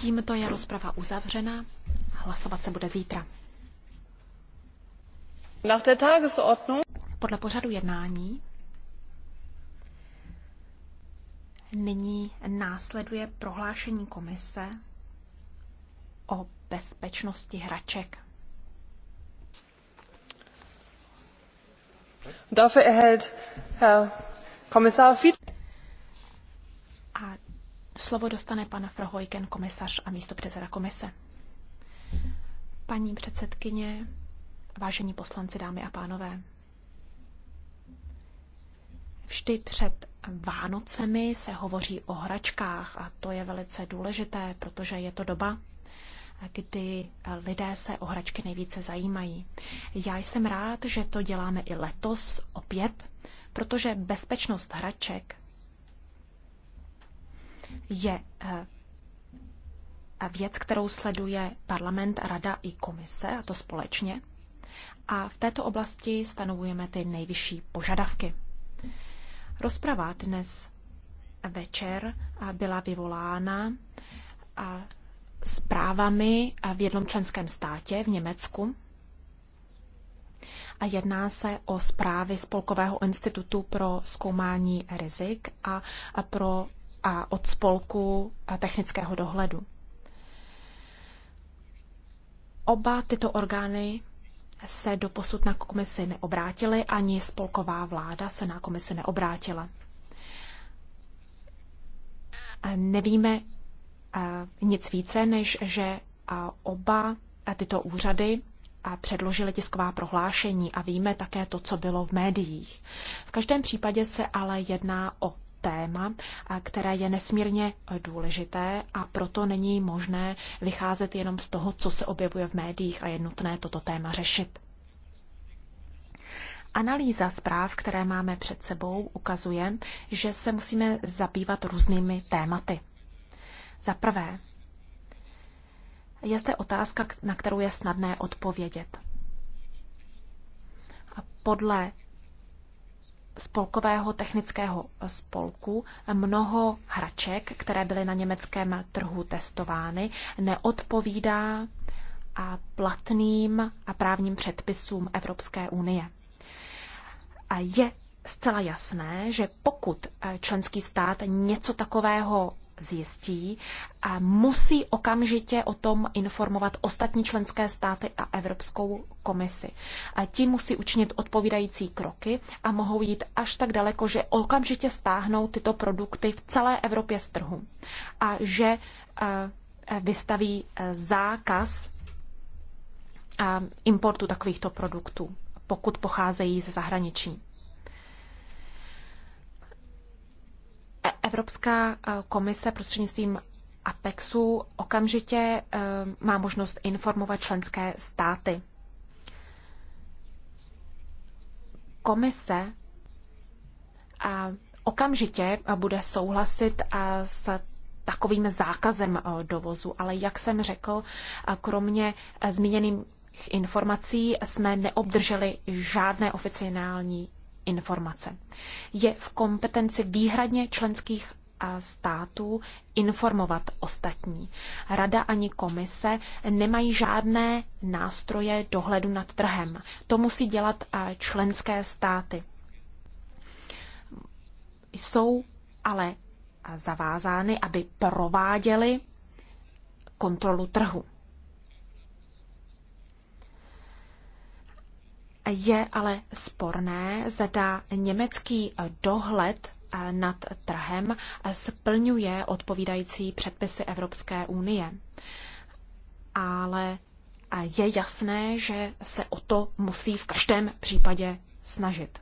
Tímto je rozprava uzavřena. Hlasovat se bude zítra. Podle pořadu jednání nyní následuje prohlášení komise o bezpečnosti hraček. Dafür erhält Herr Kommissar Fiedler. A Slovo dostane pan Frohojken, komisař a místo předseda komise. Paní předsedkyně, vážení poslanci, dámy a pánové, vždy před Vánocemi se hovoří o hračkách a to je velice důležité, protože je to doba, kdy lidé se o hračky nejvíce zajímají. Já jsem rád, že to děláme i letos opět, protože bezpečnost hraček je eh, věc, kterou sleduje parlament, rada i komise, a to společně. A v této oblasti stanovujeme ty nejvyšší požadavky. Rozprava dnes večer eh, byla vyvolána eh, zprávami v jednom členském státě v Německu. A jedná se o zprávy Spolkového institutu pro zkoumání rizik a pro a od spolku technického dohledu. Oba tyto orgány se posud na komisi neobrátily, ani spolková vláda se na komisi neobrátila. Nevíme nic více, než že oba tyto úřady předložili tisková prohlášení a víme také to, co bylo v médiích. V každém případě se ale jedná o téma, které je nesmírně e, důležité a proto není možné vycházet jenom z toho, co se objevuje v médiích a je nutné toto téma řešit. Analýza zpráv, které máme před sebou, ukazuje, že se musíme zabývat různými tématy. Za prvé, je zde otázka, na kterou je snadné odpovědět. A podle spolkového technického spolku mnoho hraček, které byly na německém trhu testovány, neodpovídá a platným a právním předpisům Evropské unie. A je zcela jasné, že pokud členský stát něco takového zjistí, a musí okamžitě o tom informovat ostatní členské státy a Evropskou komisi. A ti musí učinit odpovídající kroky a mohou jít až tak daleko, že okamžitě stáhnou tyto produkty v celé Evropě z trhu a že eh, eh, vystaví eh, zákaz importu takovýchto produktů, pokud pocházejí ze zahraničí. E, Evropská e, komise prostřednictvím APEXu okamžitě e, má možnost informovat členské státy. Komise okamžitě bude souhlasit s takovým zákazem dovozu, ale jak jsem řekl, kromě zmíněných informací jsme neobdrželi žádné oficiální informace. Je v kompetenci výhradně členských a států informovat ostatní. Rada ani komise nemají žádné nástroje dohledu nad trhem. To musí dělat členské státy. Jsou ale zavázány, aby prováděly kontrolu trhu. Je ale sporné, zda německý dohled eh, nad trhem eh, splňuje odpovídající předpisy Evropské unie. Ale eh, je jasné, že se o to musí v každém případě snažit.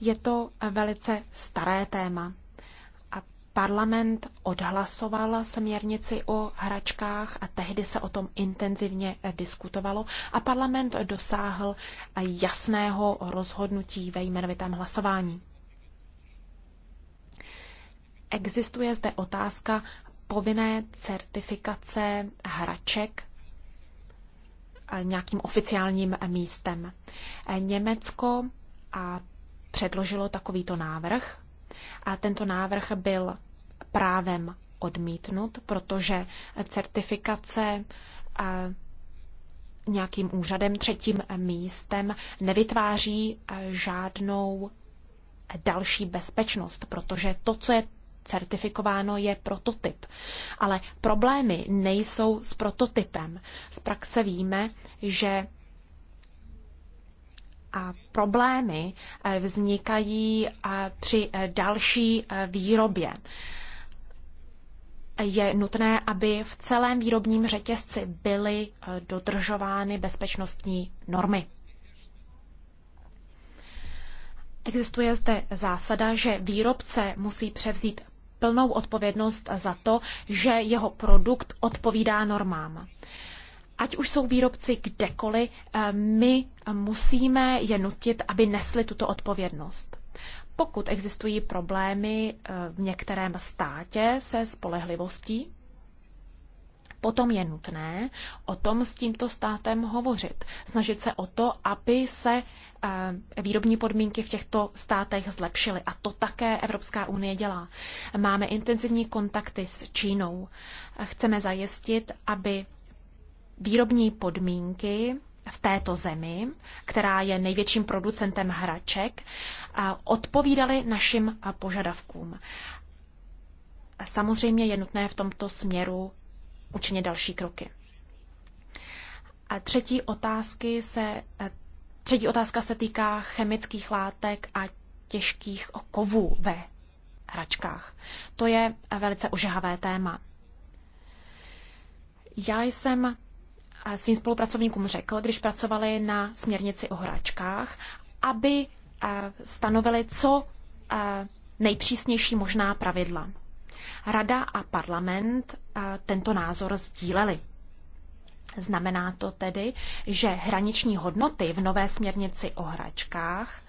Je to velice staré téma, Parlament odhlasoval směrnici o hračkách a tehdy se o tom intenzivně diskutovalo a parlament dosáhl jasného rozhodnutí ve jmenovitém hlasování. Existuje zde otázka povinné certifikace hraček nějakým oficiálním místem. Německo a předložilo takovýto návrh a tento návrh byl právem odmítnut, protože certifikace eh, nějakým úřadem, třetím místem nevytváří eh, žádnou další bezpečnost, protože to, co je certifikováno, je prototyp. Ale problémy nejsou s prototypem. Z praxe víme, že a problémy eh, vznikají při další výrobě je nutné, aby v celém výrobním řetězci byly e, dodržovány bezpečnostní normy. Existuje zde zásada, že výrobce musí převzít plnou odpovědnost za to, že jeho produkt odpovídá normám. Ať už jsou výrobci kdekoliv, e, my musíme je nutit, aby nesli tuto odpovědnost. Pokud existují problémy eh, v některém státě se spolehlivostí, potom je nutné o tom s tímto státem hovořit. Snažit se o to, aby se eh, výrobní podmínky v těchto státech zlepšily. A to také Evropská unie dělá. Máme intenzivní kontakty s Čínou. Chceme zajistit, aby výrobní podmínky v této zemi, která je největším producentem hraček, odpovídaly našim požadavkům. Samozřejmě je nutné v tomto směru učinit další kroky. A třetí, otázky se, třetí otázka se týká chemických látek a těžkých kovů ve hračkách. To je velice ožehavé téma. Já jsem svým spolupracovníkům řekl, když pracovali na směrnici o hračkách, aby eh, stanovili co eh, nejpřísnější možná pravidla. Rada a parlament eh, tento názor sdíleli. Znamená to tedy, že hraniční hodnoty v nové směrnici o hračkách,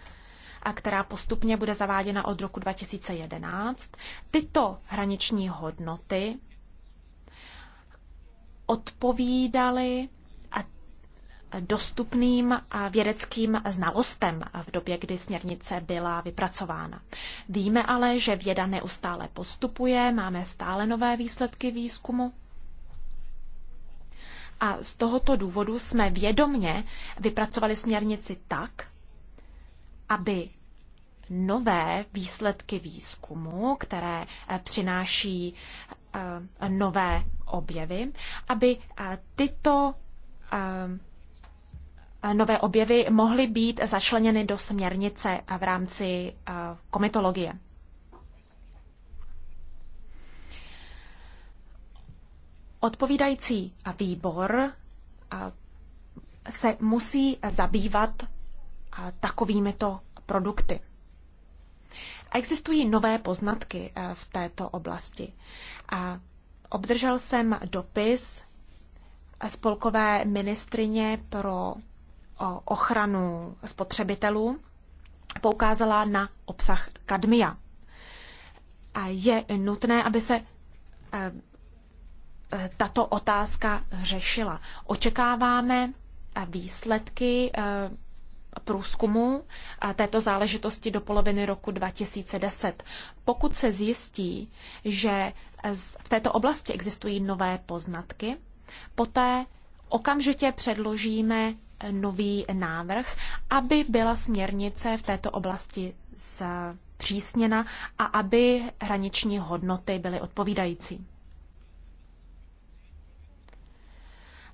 a která postupně bude zaváděna od roku 2011, tyto hraniční hodnoty odpovídaly dostupným vědeckým znalostem v době, kdy směrnice byla vypracována. Víme ale, že věda neustále postupuje, máme stále nové výsledky výzkumu. A z tohoto důvodu jsme vědomně vypracovali směrnici tak, aby nové výsledky výzkumu, které přináší eh, nové objevy, aby eh, tyto eh, nové objevy mohly být začleněny do směrnice v rámci eh, komitologie. Odpovídající výbor se musí zabývat takovýmito produkty. Existují nové poznatky v této oblasti. A Obdržel jsem dopis spolkové ministrině pro ochranu spotřebitelů. Poukázala na obsah kadmia. A je nutné, aby se e, e, tato otázka řešila. Očekáváme e, výsledky průzkumu této záležitosti do poloviny roku 2010. Pokud se zjistí, že v této oblasti existují nové poznatky, poté okamžitě předložíme eh, nový návrh, aby byla směrnice v této oblasti zpřísněna a aby hraniční hodnoty byly odpovídající.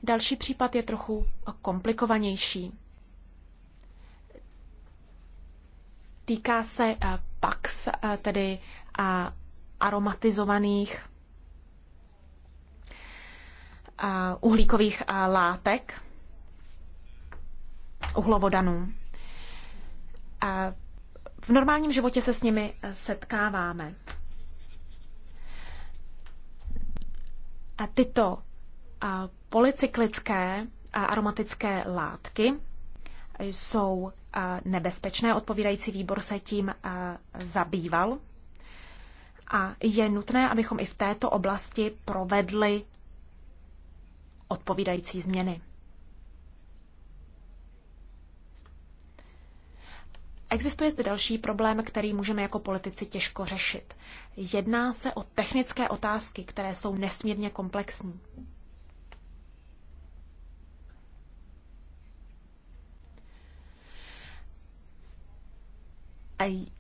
Další případ je trochu komplikovanější. Týká se eh, PAX, eh, tedy eh, aromatizovaných uhlíkových látek, uhlovodanů. V normálním životě se s nimi setkáváme. A tyto polycyklické aromatické látky jsou nebezpečné. Odpovídající výbor se tím eh, zabýval. A je nutné, abychom i v této oblasti provedli odpovídající změny. Existuje zde další problém, který můžeme jako politici těžko řešit. Jedná se o technické otázky, které jsou nesmírně komplexní.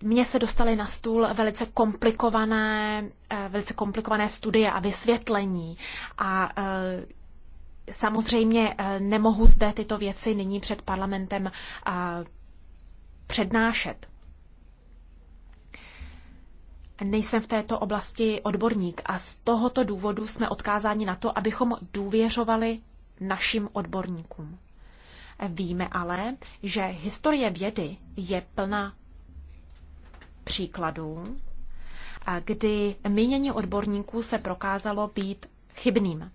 mně se dostaly na stůl velice komplikované, eh, velice komplikované studie a vysvětlení a eh, Samozřejmě eh, nemohu zde tyto věci nyní před parlamentem přednášet. Nejsem v této oblasti odborník a z tohoto důvodu jsme odkázáni na to, abychom důvěřovali našim odborníkům. Víme ale, že historie vědy je plná příkladů, kdy mínění odborníků se prokázalo být chybným.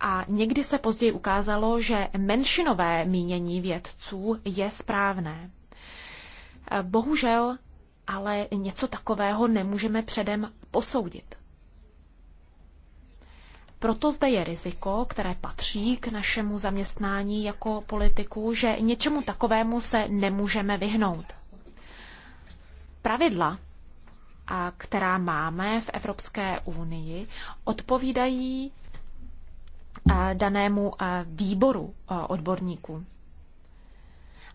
A někdy se později ukázalo, že menšinové mínění vědců je správné. Bohužel ale něco takového nemůžeme předem posoudit. Proto zde je riziko, které patří k našemu zaměstnání jako politiku, že něčemu takovému se nemůžeme vyhnout. Pravidla, a která máme v Evropské unii, odpovídají danému výboru odborníků.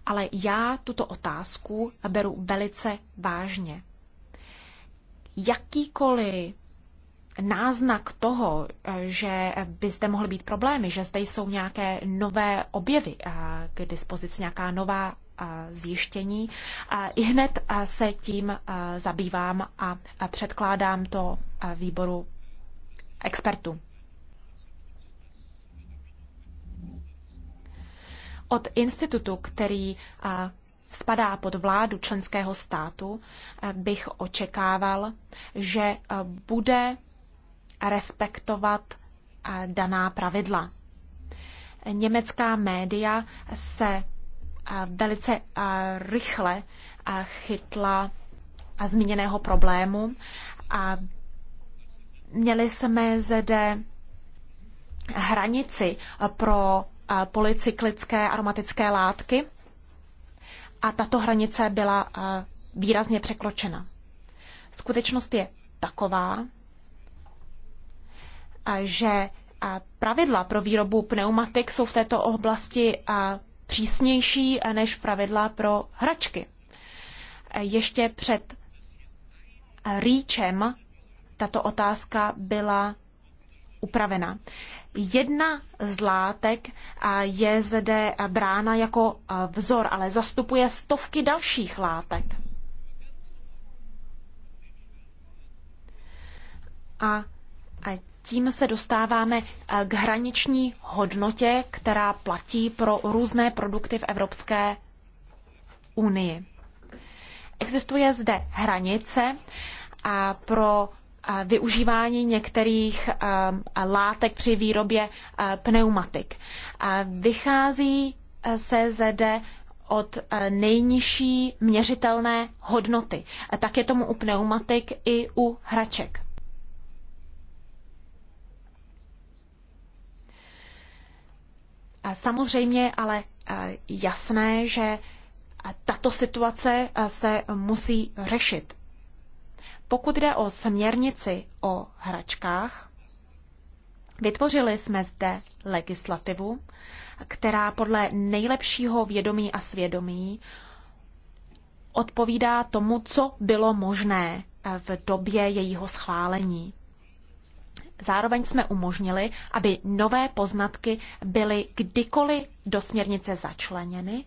Ale já tuto otázku beru velice vážně. Jakýkoliv náznak toho, eh, že by zde mohly být problémy, že zde jsou nějaké nové objevy eh, k dispozici, nějaká nová eh, zjištění, i hned se tím zabývám a předkládám to výboru expertů. Od institutu, který spadá pod vládu členského státu, bych očekával, že bude respektovat eh, daná pravidla. Německá média se eh, velice eh, rychle chytla zmíněného problému a měli jsme zde hranici pro polycyklické aromatické látky a tato hranice byla výrazně překročena. Skutečnost je taková, že pravidla pro výrobu pneumatik jsou v této oblasti přísnější než pravidla pro hračky. Ještě před rýčem tato otázka byla upravena. Jedna z látek je zde brána jako vzor, ale zastupuje stovky dalších látek. a tím se dostáváme eh, k hraniční hodnotě, která platí pro různé produkty v Evropské unii. Existuje zde hranice a pro eh, využívání některých eh, látek při výrobě pneumatik. Vychází se zde od nejnižší měřitelné hodnoty. Tak je tomu u pneumatik i u hraček. Samozřejmě ale e, jasné, že e, tato situace e, se musí řešit. Pokud jde o směrnici o hračkách, vytvořili jsme zde legislativu, která podle nejlepšího vědomí a svědomí odpovídá tomu, co bylo možné v době jejího schválení. Zároveň jsme umožnili, aby nové poznatky byly kdykoliv do směrnice začleněny,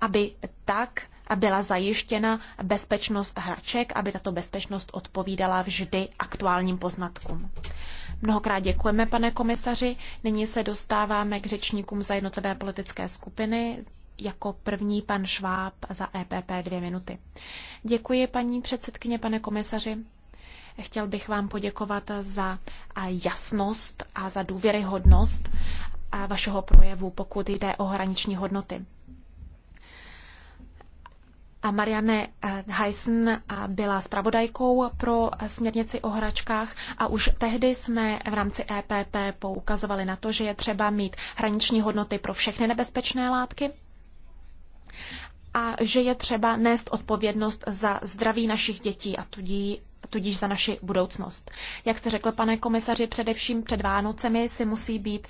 aby tak byla zajištěna bezpečnost hraček, aby tato bezpečnost odpovídala vždy aktuálním poznatkům. Mnohokrát děkujeme, pane komisaři. Nyní se dostáváme k řečníkům za jednotlivé politické skupiny. Jako první pan Šváb za EPP dvě minuty. Děkuji, paní předsedkyně, pane komisaři. Chtěl bych vám poděkovat za jasnost a za důvěryhodnost vašeho projevu, pokud jde o hraniční hodnoty. A Marianne Heisen byla zpravodajkou pro směrnici o hračkách a už tehdy jsme v rámci EPP poukazovali na to, že je třeba mít hraniční hodnoty pro všechny nebezpečné látky a že je třeba nést odpovědnost za zdraví našich dětí a tudí tudíž za naši budoucnost. Jak jste řekl, pane komisaři, především před Vánocemi si musí být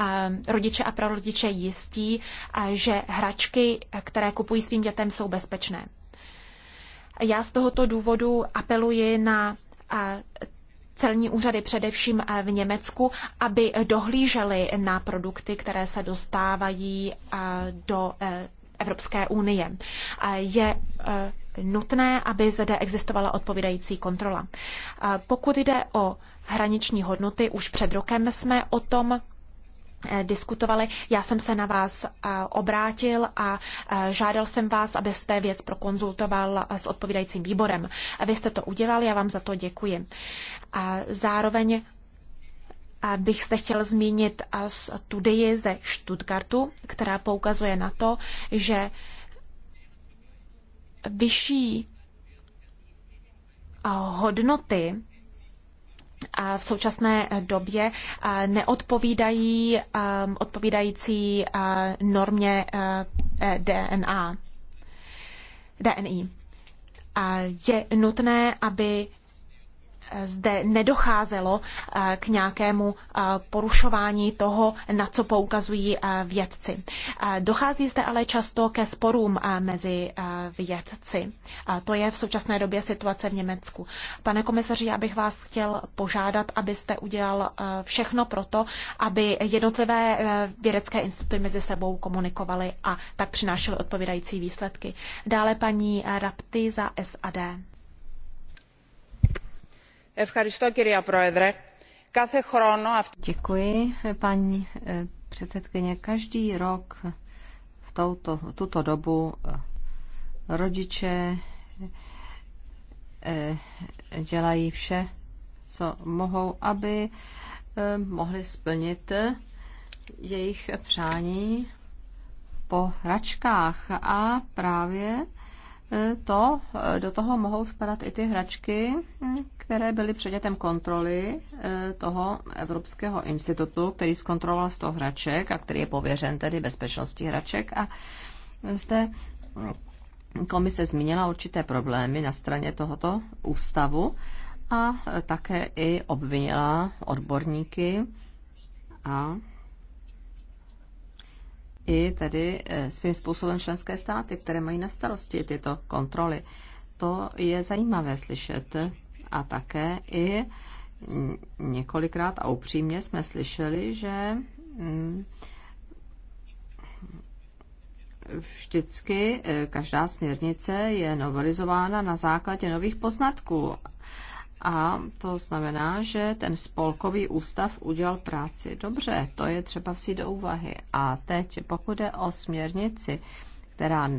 eh, rodiče a prarodiče jistí, eh, že hračky, které kupují svým dětem, jsou bezpečné. Já z tohoto důvodu apeluji na eh, celní úřady především v Německu, aby dohlíželi na produkty, které se dostávají do Evropské unie. Je nutné, aby zde existovala odpovídající kontrola. Pokud jde o hraniční hodnoty, už před rokem jsme o tom eh, diskutovali. Já jsem se na vás eh, obrátil a eh, žádal jsem vás, abyste věc prokonzultoval s odpovídajícím výborem. Vy jste to udělal, já vám za to děkuji. A zároveň bych se chtěl zmínit studii ze Stuttgartu, která poukazuje na to, že vyšší eh, hodnoty eh, v současné eh, době neodpovídají odpovídající normě DNA, DNI. Je nutné, aby zde nedocházelo eh, k nějakému eh, porušování toho, na co poukazují eh, vědci. Dochází zde ale často ke sporům mezi vědci. To je v současné době situace v Německu. Pane komisaři, já bych vás chtěl požádat, abyste udělal všechno pro to, aby jednotlivé vědecké instituty mezi sebou komunikovaly a tak přinášely odpovídající výsledky. Dále paní Rapty za SAD. Děkuji, paní eh, předsedkyně. Každý rok v tuto dobu eh, rodiče eh, dělají vše, co mohou, aby mohli splnit jejich přání po hračkách a právě to eh, do toho mohou spadat i ty hračky, hm, které byly předmětem kontroly eh, toho Evropského institutu, který zkontroloval toho hraček a který je pověřen tedy bezpečností hraček. A zde hm, komise zmínila určité problémy na straně tohoto ústavu a také i obvinila odborníky a i tedy e, svým způsobem členské státy, které mají na starosti tyto kontroly. To je zajímavé slyšet a také i několikrát a upřímně jsme slyšeli, že mm, vždycky e, každá směrnice je novelizována na základě nových poznatků a to znamená, že ten spolkový ústav udělal práci. Dobře, to je třeba vzít do úvahy. A teď, pokud je o směrnici, která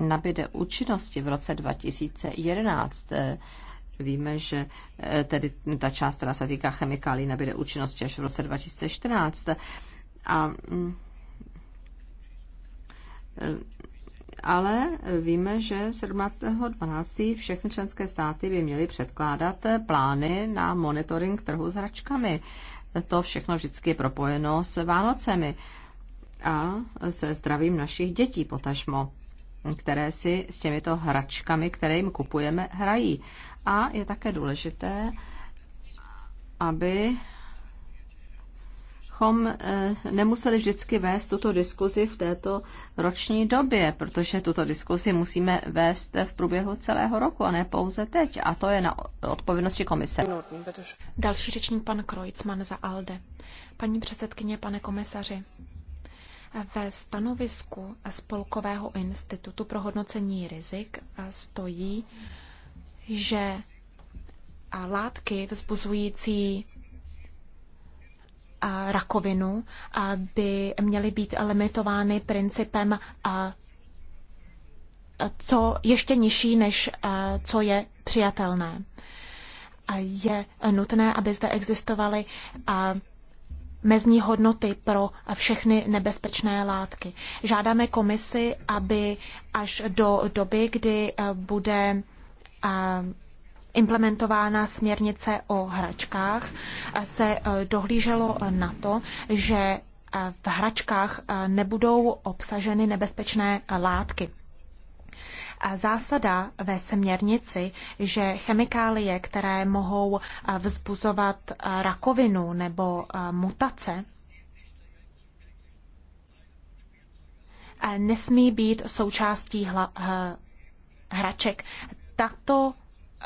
nabíde účinnosti v roce 2011, eh, Víme, že eh, tedy ta část, která se týká chemikálí, nabíde účinnosti až v roce 2014. A mm, eh, ale víme, že 17.12. všechny členské státy by měly předkládat plány na monitoring trhu s hračkami. To všechno vždycky je propojeno s Vánocemi a se zdravím našich dětí potažmo, které si s těmito hračkami, které jim kupujeme, hrají. A je také důležité, aby chom eh, nemuseli vždycky vést tuto diskuzi v této roční době, protože tuto diskuzi musíme vést v průběhu celého roku a ne pouze teď. A to je na odpovědnosti komise. Další řečník pan Krojcman za ALDE. Paní předsedkyně, pane komisaři, ve stanovisku Spolkového institutu pro hodnocení rizik stojí, že látky vzbuzující rakovinu by měly být limitovány principem a co ještě nižší, než co je přijatelné. Je nutné, aby zde existovaly mezní hodnoty pro všechny nebezpečné látky. Žádáme komisi, aby až do doby, kdy bude implementována směrnice o hračkách, se e, dohlíželo e, na to, že e, v hračkách nebudou obsaženy nebezpečné látky. Zásada ve směrnici, že chemikálie, které mohou vzbuzovat rakovinu nebo mutace, nesmí být součástí hla, hraček. Tato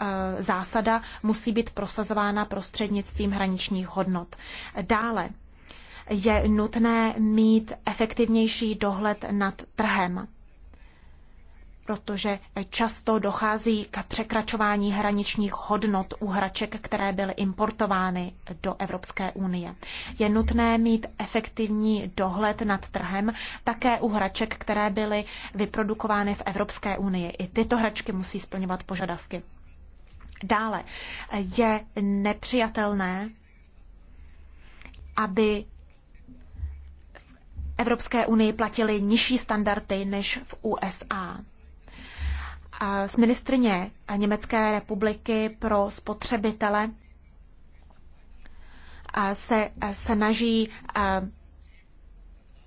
Eh, zásada musí být prosazována prostřednictvím hraničních hodnot. Dále je nutné mít efektivnější dohled nad trhem, protože často dochází k překračování hraničních hodnot u hraček, které byly importovány do Evropské unie. Je nutné mít efektivní dohled nad trhem také u hraček, které byly vyprodukovány v Evropské unii. I tyto hračky musí splňovat požadavky. Dále je nepřijatelné, aby Evropské unii platily nižší standardy než v USA. S ministrně Německé republiky pro spotřebitele se snaží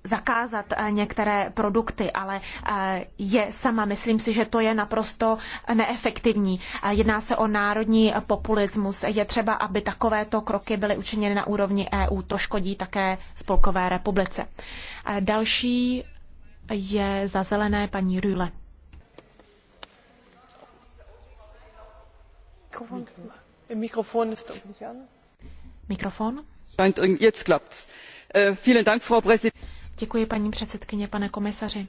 zakázat eh, některé produkty, ale eh, je sama, myslím si, že to je naprosto neefektivní. Eh, jedná se o národní populismus. Je třeba, aby takovéto kroky byly učiněny na úrovni EU. To škodí také Spolkové republice. Další je za zelené paní Rüle. Mikrofon. Mikrofon. Äh, jetzt klappt's. Äh, vielen Dank, Frau Präsidentin. Děkuji, paní předsedkyně, pane komisaři.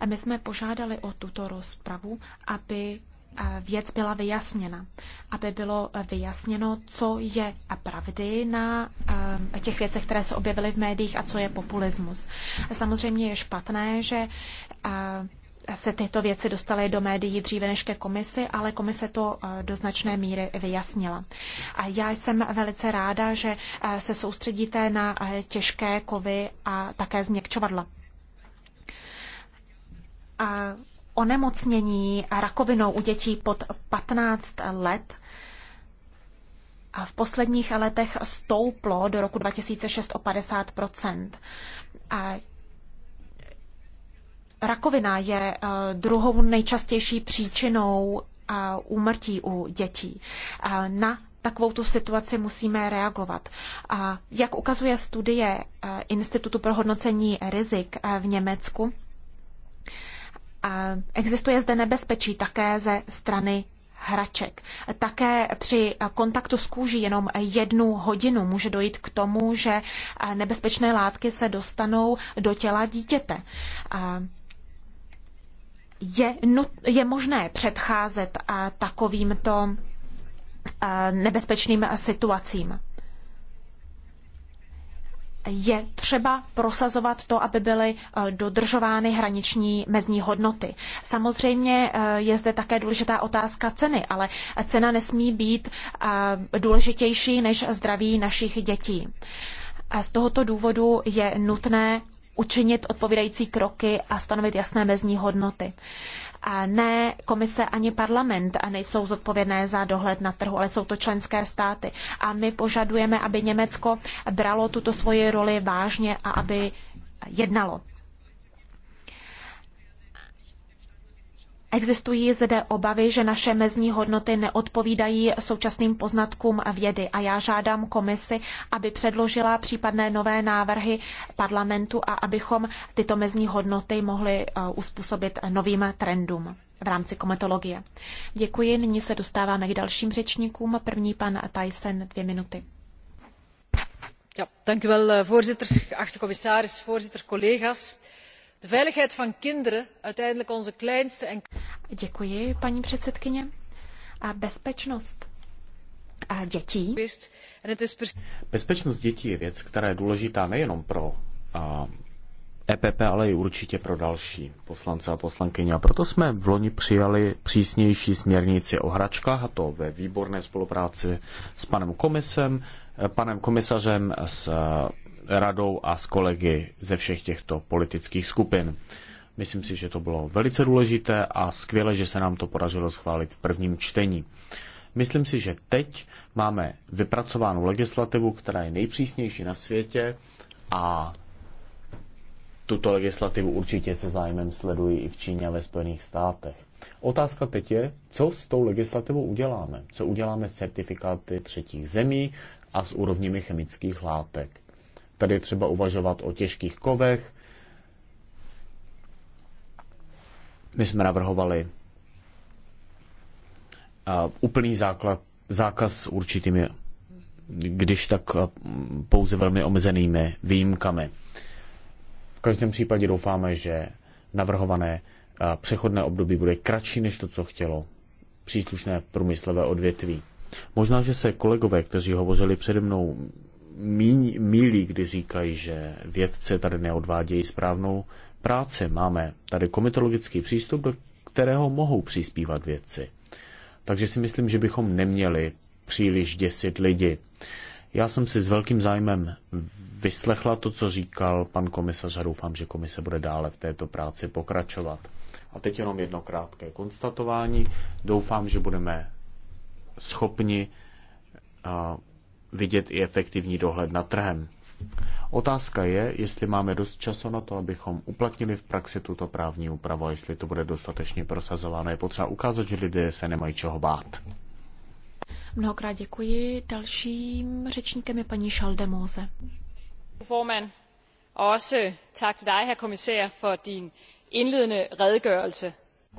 A my jsme požádali o tuto rozpravu, aby eh, věc byla vyjasněna, aby bylo eh, vyjasněno, co je a pravdy na eh, těch věcech, které se objevily v médiích a co je populismus. Samozřejmě je špatné, že se tyto věci dostaly do médií dříve než ke komisi, ale komise to eh, do značné míry vyjasnila. A já jsem velice ráda, že eh, se soustředíte na eh, těžké kovy a také změkčovadla. A onemocnění rakovinou u dětí pod 15 let a v posledních letech stouplo do roku 2006 o 50 a Rakovina je eh, druhou nejčastější příčinou eh, úmrtí u dětí. Eh, na takovou tu situaci musíme reagovat. A jak ukazuje studie Institutu pro hodnocení rizik v Německu, existuje zde nebezpečí také ze strany hraček. Také při kontaktu s kůží jenom jednu hodinu může dojít k tomu, že nebezpečné látky se dostanou do těla dítěte je, je možné předcházet eh, takovýmto eh, nebezpečným situacím. Je třeba prosazovat to, aby byly eh, dodržovány hraniční mezní hodnoty. Samozřejmě je zde také důležitá otázka ceny, ale cena nesmí být důležitější než zdraví našich dětí. A z tohoto důvodu je nutné učinit odpovídající kroky a stanovit jasné mezní hodnoty. A ne komise ani parlament a nejsou zodpovědné za dohled na trhu, ale jsou to členské státy. A my požadujeme, aby Německo bralo tuto svoji roli vážně a aby jednalo. Existují zde obavy, že naše mezní hodnoty neodpovídají současným poznatkům a vědy a já žádám komisi, aby předložila případné nové návrhy parlamentu a abychom tyto mezní hodnoty mohli eh, uspůsobit novým trendům v rámci kometologie. Děkuji, nyní se dostáváme k dalším řečníkům. První pan Tyson, dvě minuty. Ja, dank u wel, eh, voorzitter, geachte commissaris, voorzitter, collega's de veiligheid van kinderen, uiteindelijk onze kleinste en... Děkuji, paní předsedkyně. A bezpečnost a dětí. Bezpečnost dětí je věc, která je důležitá nejenom pro a, EPP, ale i určitě pro další poslance a poslankyně. A proto jsme v loni přijali přísnější směrnici o hračkách, a to ve výborné spolupráci s panem komisem, panem komisařem, s radou a s kolegy ze všech těchto politických skupin. Myslím si, že to bylo velice důležité a skvěle, že se nám to podařilo schválit v prvním čtení. Myslím si, že teď máme vypracovanou legislativu, která je nejpřísnější na světě a tuto legislativu určitě se zájmem sledují i v Číně a ve Spojených státech. Otázka teď je, co s tou legislativou uděláme. Co uděláme s certifikáty třetích zemí a s úrovněmi chemických látek. Tady je třeba uvažovat o těžkých kovech. My jsme navrhovali úplný základ, zákaz s určitými, když tak pouze velmi omezenými výjimkami. V každém případě doufáme, že navrhované přechodné období bude kratší než to, co chtělo příslušné průmyslové odvětví. Možná, že se kolegové, kteří hovořili přede mnou, mílí, kdy říkají, že vědce tady neodvádějí správnou práci. Máme tady komitologický přístup, do kterého mohou přispívat vědci. Takže si myslím, že bychom neměli příliš děsit lidi. Já jsem si s velkým zájmem vyslechla to, co říkal pan komisař a doufám, že komise bude dále v této práci pokračovat. A teď jenom jedno krátké konstatování. Doufám, že budeme schopni vidět i efektivní dohled nad trhem. Otázka je, jestli máme dost času na to, abychom uplatnili v praxi tuto právní úpravu a jestli to bude dostatečně prosazováno. Je potřeba ukázat, že lidé se nemají čeho bát. Mnohokrát děkuji. Dalším řečníkem je paní Šaldemóze. Formand, også tak til dig, herr kommissær, for din indledende redegørelse.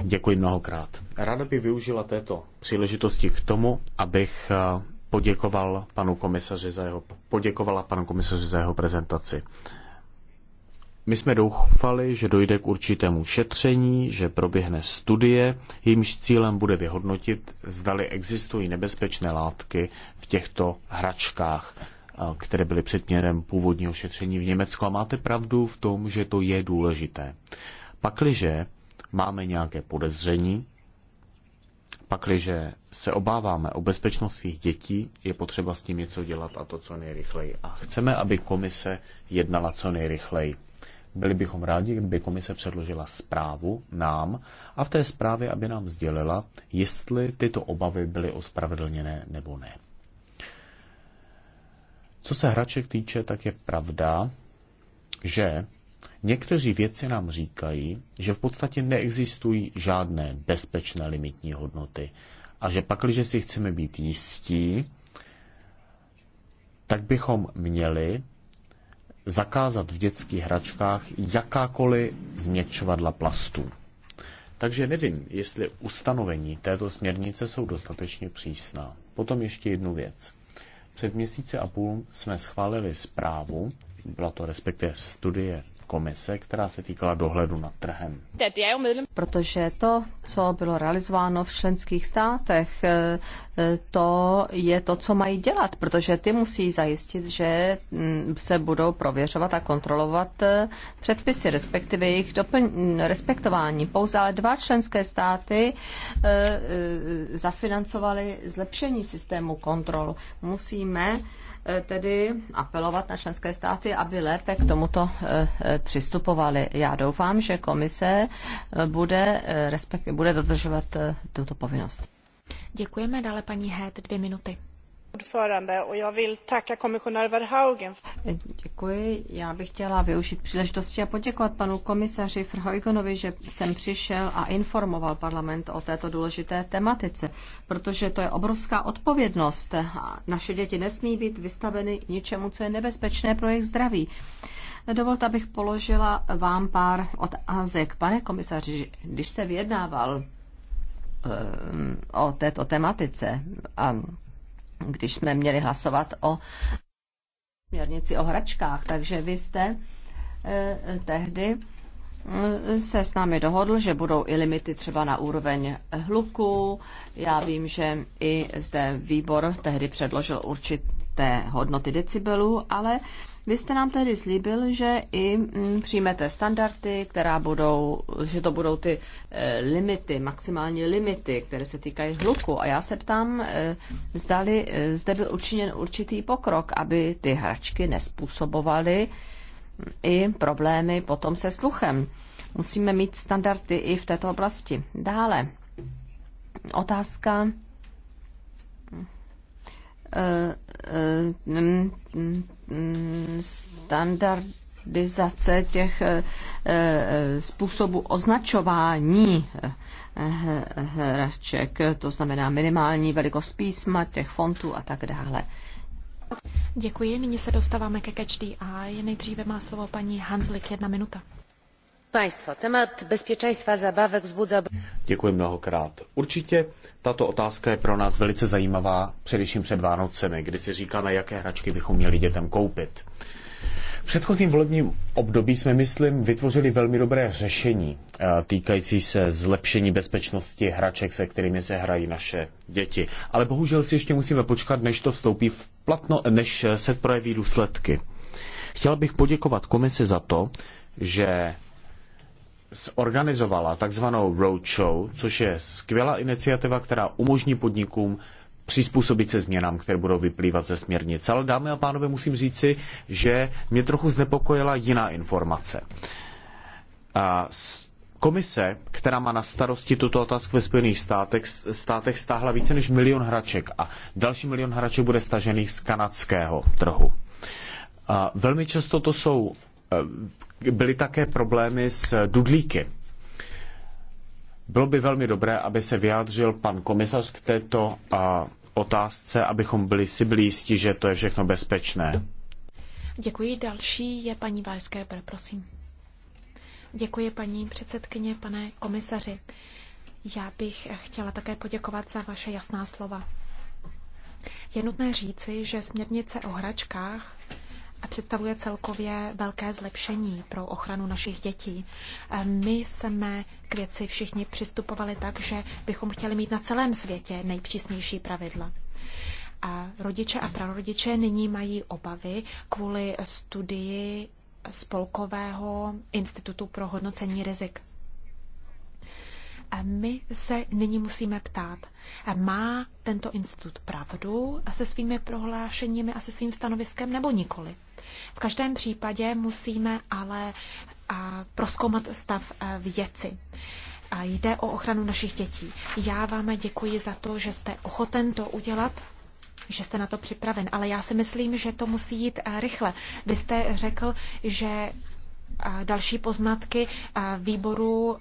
Děkuji mnohokrát. Ráda bych využila této příležitosti k tomu, abych eh, poděkoval panu komisaři za jeho, poděkovala panu komisaři za jeho prezentaci. My jsme doufali, že dojde k určitému šetření, že proběhne studie, jejímž cílem bude vyhodnotit, zdali existují nebezpečné látky v těchto hračkách, které byly předměrem původního šetření v Německu. A máte pravdu v tom, že to je důležité. Pakliže máme nějaké podezření, Pakliže se obáváme o bezpečnost svých dětí, je potřeba s tím něco dělat a to co nejrychleji. A chceme, aby komise jednala co nejrychleji. Byli bychom rádi, kdyby komise předložila zprávu nám a v té zprávě, aby nám sdělila, jestli tyto obavy byly ospravedlněné nebo ne. Co se hraček týče, tak je pravda, že Někteří vědci nám říkají, že v podstatě neexistují žádné bezpečné limitní hodnoty a že pak, když si chceme být jistí, tak bychom měli zakázat v dětských hračkách jakákoliv změkčovadla plastů. Takže nevím, jestli ustanovení této směrnice jsou dostatečně přísná. Potom ještě jednu věc. Před měsíce a půl jsme schválili zprávu, byla to respektive studie komise, která se týkala dohledu nad trhem. Protože to, co bylo realizováno v členských státech, eh, eh, to je to, co mají dělat, protože ty musí zajistit, že mm, se budou prověřovat a kontrolovat eh, předpisy, respektive jejich doplň, respektování. Pouze ale dva členské státy zafinancovaly zlepšení systému kontrol. Musíme E, tedy apelovat na členské státy, aby lépe k tomuto e, e, přistupovali. Já doufám, že komise bude, respekt, bude dodržovat tuto povinnost. Děkujeme dále paní Het, dvě minuty. Děkuji. Já bych chtěla využít příležitosti a poděkovat panu komisaři Verheugenovi, že jsem přišel a informoval parlament o této důležité tematice, protože to je obrovská odpovědnost. Naše děti nesmí být vystaveny ničemu, co je nebezpečné pro jejich zdraví. Dovolte, abych položila vám pár otázek. Pane komisaři, když se vyjednával eh, o této tematice a když jsme měli hlasovat o směrnici o hračkách. Takže vy jste eh, tehdy eh, se s námi dohodl, že budou i limity třeba na úroveň hluku. Já vím, že i zde výbor tehdy předložil určité hodnoty decibelů, ale vy jste nám tedy slíbil, že i mm, přijmete standardy, která budou, že to budou ty eh, limity, maximální limity, které se týkají hluku. A já se ptám, eh, zdali eh, zde byl učiněn určitý pokrok, aby ty hračky nespůsobovaly mm, i problémy potom se sluchem. Musíme mít standardy i v této oblasti. Dále, otázka standardizace těch eh, eh, způsobů označování eh, hraček, to znamená minimální velikost písma, těch fontů a tak dále. Děkuji, nyní se dostáváme ke Catch the Eye. Nejdříve má slovo paní Hanslik, jedna minuta. Děkuji mnohokrát. Určitě tato otázka je pro nás velice zajímavá, především před Vánocemi, kdy se říká, na jaké hračky bychom měli dětem koupit. V předchozím volebním období jsme, myslím, vytvořili velmi dobré řešení eh, týkající se zlepšení bezpečnosti hraček, se kterými se hrají naše děti. Ale bohužel si ještě musíme počkat, než to vstoupí v platno, než eh, se projeví důsledky. Chtěl bych poděkovat komisi za to, že zorganizovala takzvanou roadshow, což je skvělá iniciativa, která umožní podnikům přizpůsobit se změnám, které budou vyplývat ze směrnice. Ale dámy a pánové, musím říci, že mě trochu znepokojila jiná informace. A Komise, která má na starosti tuto otázku ve Spojených státech, státech stáhla více než milion hraček a další milion hraček bude stažených z kanadského trhu. A velmi často to jsou Eh, byly také problémy s dudlíky. Bylo by velmi dobré, aby se vyjádřil pan komisař k této eh, otázce, abychom byli si byli jistí, že to je všechno bezpečné. Děkuji. Další je paní Weisgerber, prosím. Děkuji, paní předsedkyně, pane komisaři. Já bych chtěla také poděkovat za vaše jasná slova. Je nutné říci, že směrnice o hračkách představuje celkově velké zlepšení pro ochranu našich dětí. My jsme k věci všichni přistupovali tak, že bychom chtěli mít na celém světě nejpřísnější pravidla. A rodiče a prarodiče nyní mají obavy kvůli studii Spolkového institutu pro hodnocení rizik my se nyní musíme ptát, má tento institut pravdu a se svými prohlášeními a se svým stanoviskem nebo nikoli. V každém případě musíme ale proskoumat stav věci. A jde o ochranu našich dětí. Já vám děkuji za to, že jste ochoten to udělat že jste na to připraven, ale já si myslím, že to musí jít rychle. Vy jste řekl, že další poznatky výboru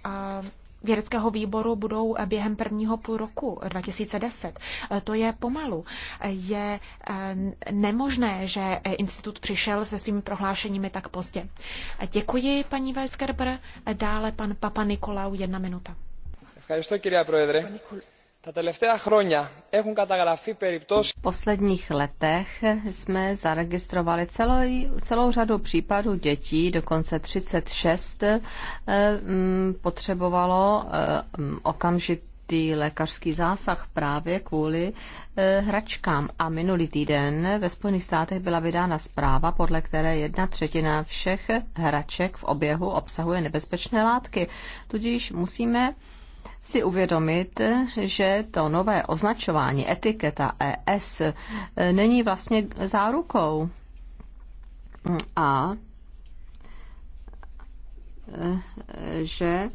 vědeckého výboru budou eh, během prvního půl roku 2010. Eh, eh, to je pomalu. Je nemožné, že institut přišel se svými prohlášeními tak pozdě. Děkuji, paní Weisgerber. Dále pan Papa Nikolau, jedna minuta. Děkuji, v posledních letech jsme zaregistrovali celou, celou řadu případů dětí, dokonce 36 eh, mm, potřebovalo eh, okamžitý lékařský zásah právě kvůli eh, hračkám. A minulý týden ve Spojených státech byla vydána zpráva, podle které jedna třetina všech hraček v oběhu obsahuje nebezpečné látky. Tudíž musíme si uvědomit, že to nové označování etiketa ES eh, není vlastně zárukou. A eh, že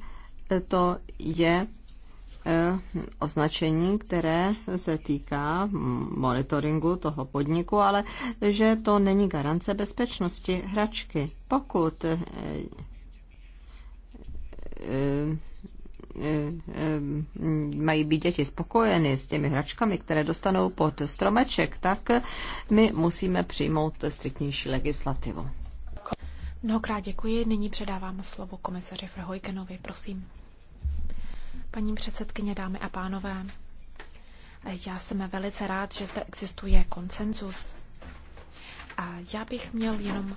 to je eh, označení, které se týká monitoringu toho podniku, ale že to není garance bezpečnosti hračky. Pokud Eh, eh, mají být děti spokojeny s těmi hračkami, které dostanou pod stromeček, tak my musíme přijmout striktnější legislativu. Mnohokrát děkuji. Nyní předávám slovo komisaři Frhojkenovi. Prosím. Paní předsedkyně, dámy a pánové, já jsem velice rád, že zde existuje konsenzus. A já bych měl jenom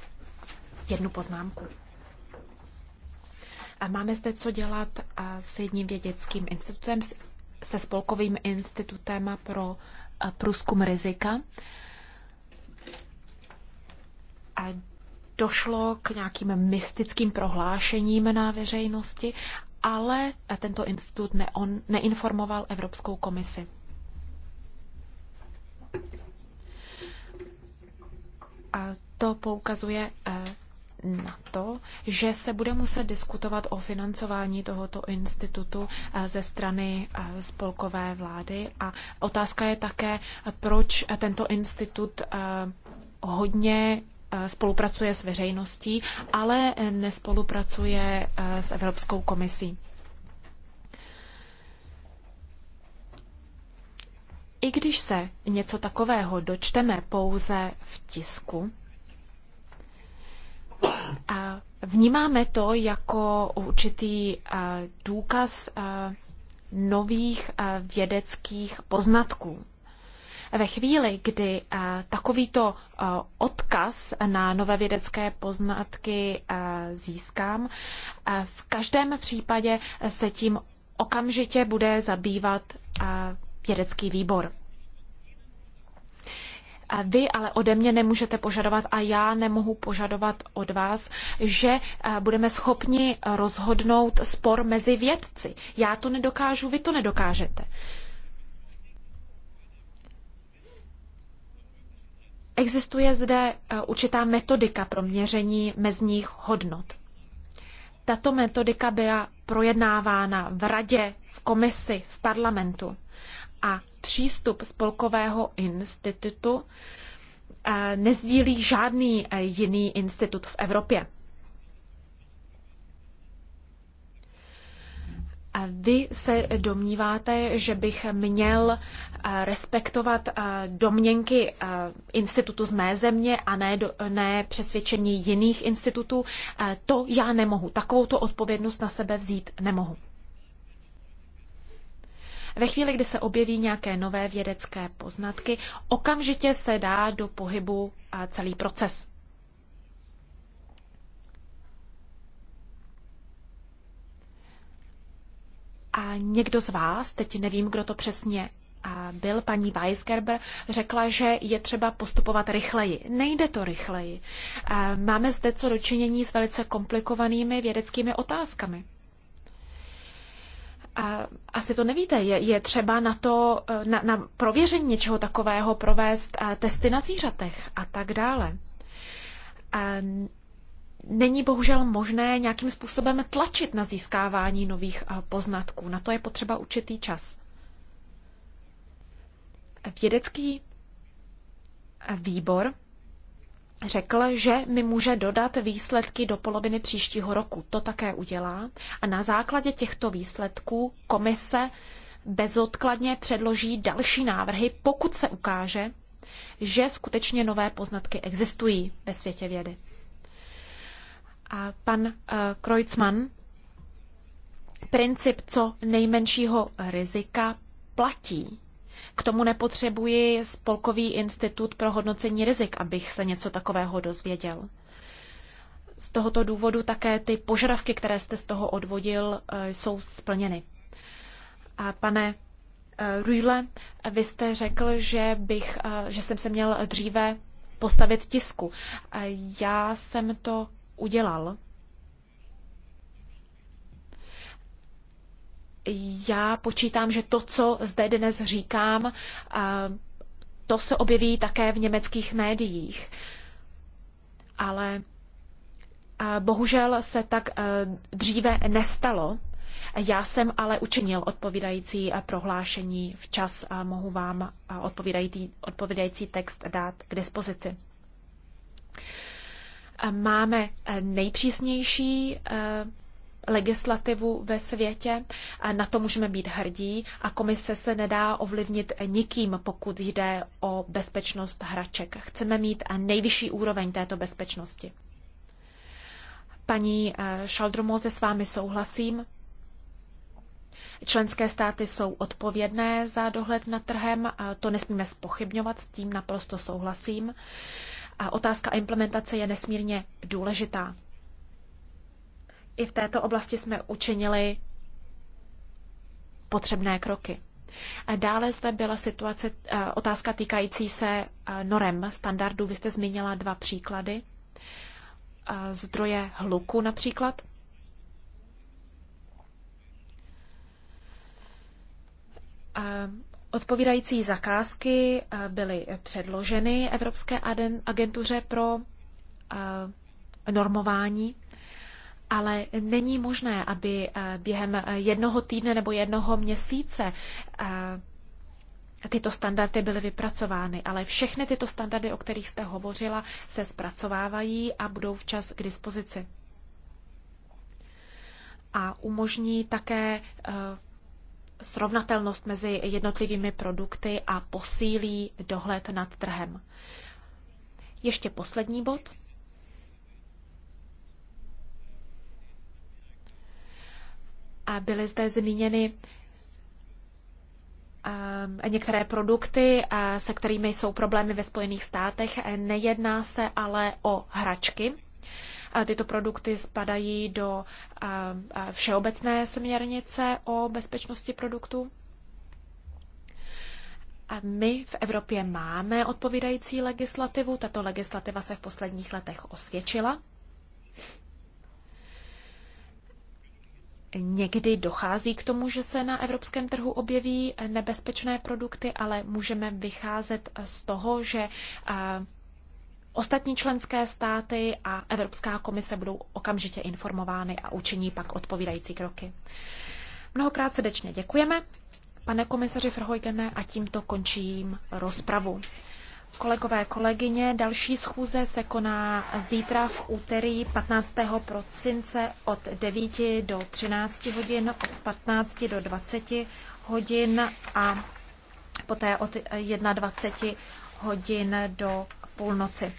jednu poznámku. Máme zde co dělat s jedním vědeckým institutem, se Spolkovým institutem pro průzkum rizika. A došlo k nějakým mystickým prohlášením na veřejnosti, ale tento institut ne, on neinformoval Evropskou komisi. A to poukazuje na to, že se bude muset diskutovat o financování tohoto institutu eh, ze strany eh, spolkové vlády. A otázka je také, proč tento institut eh, hodně spolupracuje s veřejností, ale nespolupracuje s Evropskou komisí. I když se něco takového dočteme pouze v tisku, Vnímáme to jako určitý eh, důkaz eh, nových eh, vědeckých poznatků. Ve chvíli, kdy takovýto odkaz na nové vědecké poznatky získám, v každém případě se tím okamžitě bude zabývat vědecký výbor. Vy ale ode mě nemůžete požadovat a já nemohu požadovat od vás, že eh, budeme schopni rozhodnout spor mezi vědci. Já to nedokážu, vy to nedokážete. Existuje zde eh, určitá metodika pro měření mezních hodnot. Tato metodika byla projednávána v radě, v komisi, v parlamentu a přístup Spolkového institutu eh, nezdílí žádný eh, jiný institut v Evropě. Vy se domníváte, že bych měl eh, respektovat domněnky institutu z mé země a ne, ne přesvědčení jiných institutů. To já nemohu. Takovouto odpovědnost na sebe vzít nemohu. Ve chvíli, kdy se objeví nějaké nové vědecké poznatky, okamžitě se dá do pohybu celý proces. A někdo z vás, teď nevím, kdo to přesně a byl paní Weisgerber, řekla, že je třeba postupovat rychleji. Nejde to rychleji. Máme zde co dočinění s velice komplikovanými vědeckými otázkami asi to nevíte, je, je třeba na to, eh, na, na prověření něčeho takového provést eh, testy na zvířatech a tak dále. Není bohužel možné nějakým způsobem tlačit na získávání nových eh, poznatků. Na to je potřeba určitý čas. Vědecký výbor řekl, že mi může dodat výsledky do poloviny příštího roku. To také udělá. A na základě těchto výsledků komise bezodkladně předloží další návrhy, pokud se ukáže, že skutečně nové poznatky existují ve světě vědy. A pan uh, Kreutzmann, princip co nejmenšího rizika platí k tomu nepotřebuji Spolkový institut pro hodnocení rizik, abych se něco takového dozvěděl. Z tohoto důvodu také ty požadavky, které jste z toho odvodil, eh, jsou splněny. A pane eh, Rühle, vy jste řekl, že, bych, eh, že jsem se měl dříve postavit tisku. Já jsem to udělal. já počítám, že to, co zde dnes říkám, eh, to se objeví také v německých médiích. Ale eh, bohužel se tak eh, dříve nestalo. Já jsem ale učinil odpovídající prohlášení včas a mohu vám odpovídající, odpovídající text dát k dispozici. Máme nejpřísnější legislativu ve světě. Na to můžeme být hrdí a komise se nedá ovlivnit nikým, pokud jde o bezpečnost hraček. Chceme mít nejvyšší úroveň této bezpečnosti. Paní se eh, s vámi souhlasím. Členské státy jsou odpovědné za dohled nad trhem, to nesmíme spochybňovat, s tím naprosto souhlasím. A otázka implementace je nesmírně důležitá i v této oblasti jsme učinili potřebné kroky. Dále zde byla situace, eh, otázka týkající se eh, norem standardů. Vy jste zmínila dva příklady. Eh, zdroje hluku například. Odpovídající zakázky byly předloženy Evropské agentuře pro normování ale není možné, aby eh, během eh, jednoho týdne nebo jednoho měsíce eh, tyto standardy byly vypracovány, ale všechny tyto standardy, o kterých jste hovořila, se zpracovávají a budou včas k dispozici. A umožní také srovnatelnost mezi jednotlivými produkty a posílí dohled nad trhem. Ještě poslední bod. Byly zde zmíněny ehm, některé produkty, se kterými jsou problémy ve Spojených státech. Nejedná se ale o hračky. Tyto produkty spadají do ehm, všeobecné směrnice o bezpečnosti produktů. A my v Evropě máme odpovídající legislativu. Tato legislativa se v posledních letech osvědčila. Někdy dochází k tomu, že se na evropském trhu objeví nebezpečné produkty, ale můžeme vycházet z toho, že ostatní členské státy a Evropská komise budou okamžitě informovány a učiní pak odpovídající kroky. Mnohokrát srdečně děkujeme, pane komisaři Frhojgene, a tímto končím rozpravu. Kolegové, kolegyně, další schůze se koná zítra v úterý 15. prosince od 9 do 13 hodin, od 15 do 20 hodin a poté od 21 hodin do půlnoci.